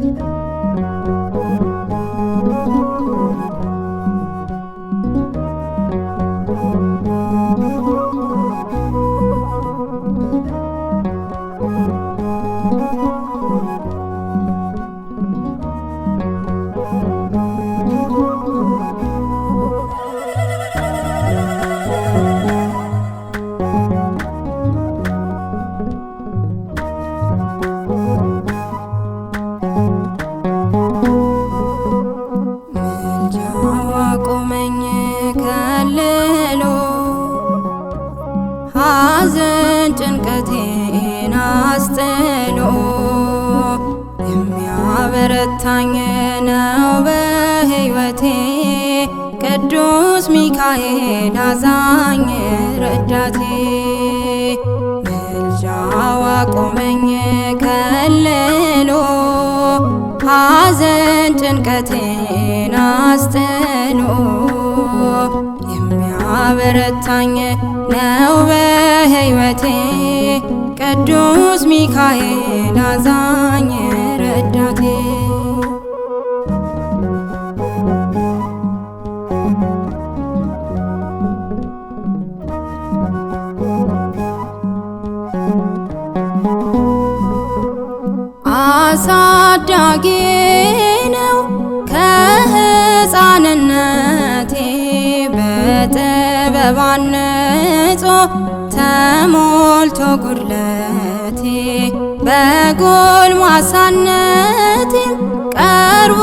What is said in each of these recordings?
Thank you. ረታኝ ነው በሕይወቴ ቅዱስ ሚካኤል አዛኝ ረዳቴ ምልጃው አቆመኝ ከልሎ ሐዘን ጭንቀቴን አስጥሎ የሚያበረታኝ ነው በሕይወቴ ቅዱስ ሚካኤል አዛኝ ረዳቴ አሳዳጊ ነው ከሕፃንነቴ በጥበብ አንጾ ተሞልቶ ጉድለቴ በጎልማሳነቴም ቀርቦ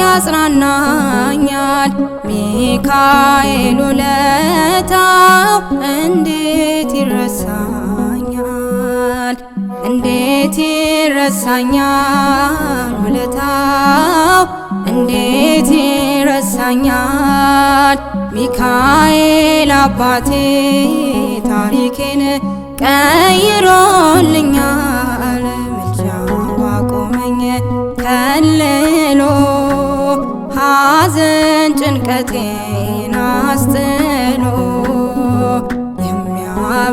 ያጽናናኛል ሚካኤል ውለታው እንዴት ይረሳኛል? እንዴት ይረሳኛል ውለታው እንዴት ይረሳኛል ሚካኤል አባቴ ታሪኬን ቀይሮልኛል ምልጃው አቆመኝ ከልሎ ሐዘን ጭንቀቴን አስጥሎ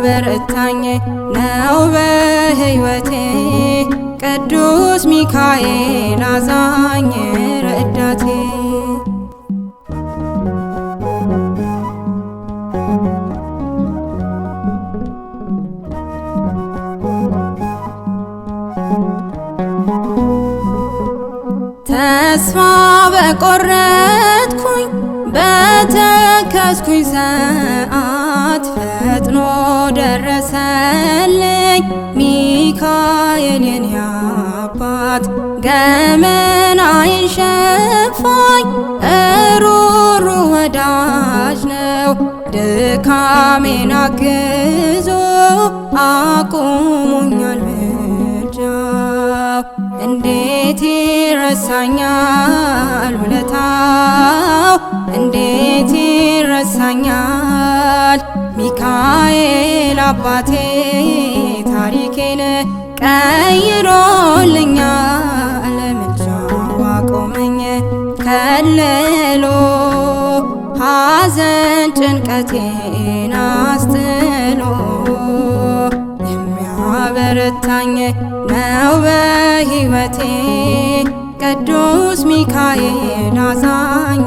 ያበረታኝ ነው በሕይወቴ ቅዱስ ሚካኤል አዛኝ ረዳቴ ተስፋ በቆረጥኩኝ በተከስኩኝ ሰዓት ፈጥኖ ደረሰልኝ ሚካኤልን ያባት ገመናዬን ሸፋኝ እሩሩ ወዳጅ ነው ድካሜን አግዞ አቁሙኛል ምልጃው እንዴት ይረሳኛል ውለታ ሚካኤል አባቴ ታሪኬን ቀይሮልኛል ምልጃው አቆመኝ ከልሎ ሐዘን ጭንቀቴን አስትሎ የሚያበረታኝ ነው በሕይወቴ ቅዱስ ሚካኤል አዛኝ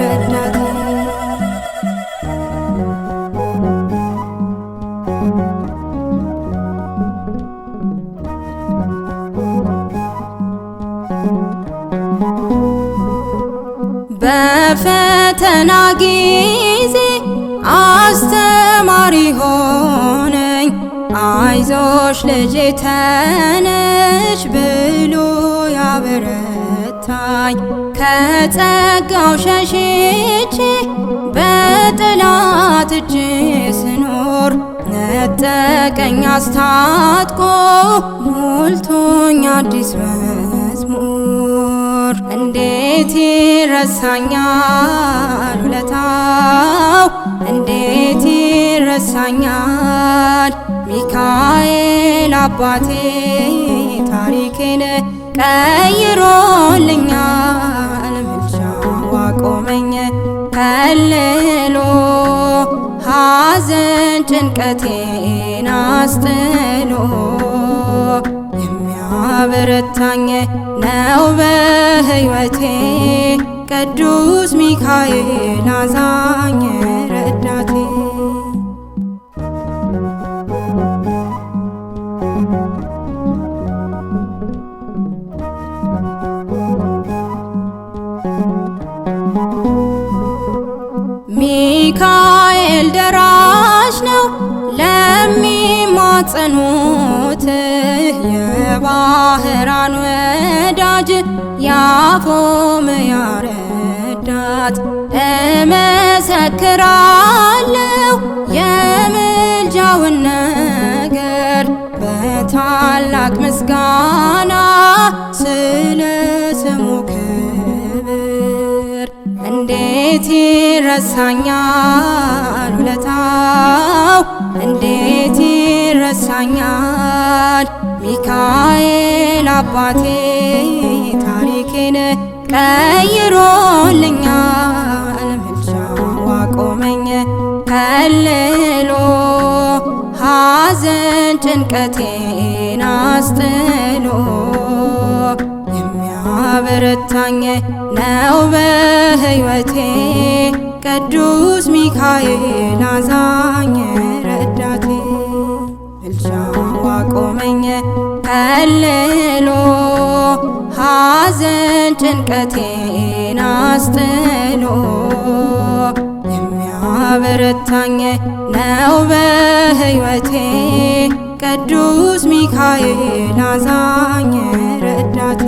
ረዳቴ በፈተና ጊዜ አስተማሪ ሆነኝ። አይዞሽ ልጄ ተነሽ ብሎ ያበረታኝ። ከጸጋው ሸሽቼ በጠላት እጅ ስኖር ነጠቀኝ አስታጥቆ ሞልቶኝ አዲስ መዝሙር እንዴት ይረሳኛል ውለታው እንዴት ይረሳኛል ሚካኤል አባቴ ታሪኬን ቀይሮልኛል ምልጃው አቆመኝ ከልሎ ሐዘን ጭንቀቴን አስጥሎ ያበረታኝ ነው በሕይወቴ ቅዱስ ሚካኤል አዛኝ ረዳቴ ሚካኤል ደራሽ ነው ያጸኑት የባህራን ወዳጅ ያፎምያ ረዳት እመሰክራለሁ የምልጃውን ነገር በታላቅ ምስጋና እንዴት ይረሳኛል ውለታው እንዴት ይረሳኛል ሚካኤል አባቴ ታሪኬን ቀይሮልኛል ምልጃው አቆመኝ ከልሎ ሐዘን ጭንቀቴን አስጥሎ ያበረታኝ ነው በህይወቴ ቅዱስ ሚካኤል አዛኝ ረዳቴ እልሻዋ ቆመኝ ከልሎ ሐዘን ጭንቀቴን አስጥሎ የሚያበረታኝ ነው ቅዱስ ሚካኤል አዛኝ ረዳቴ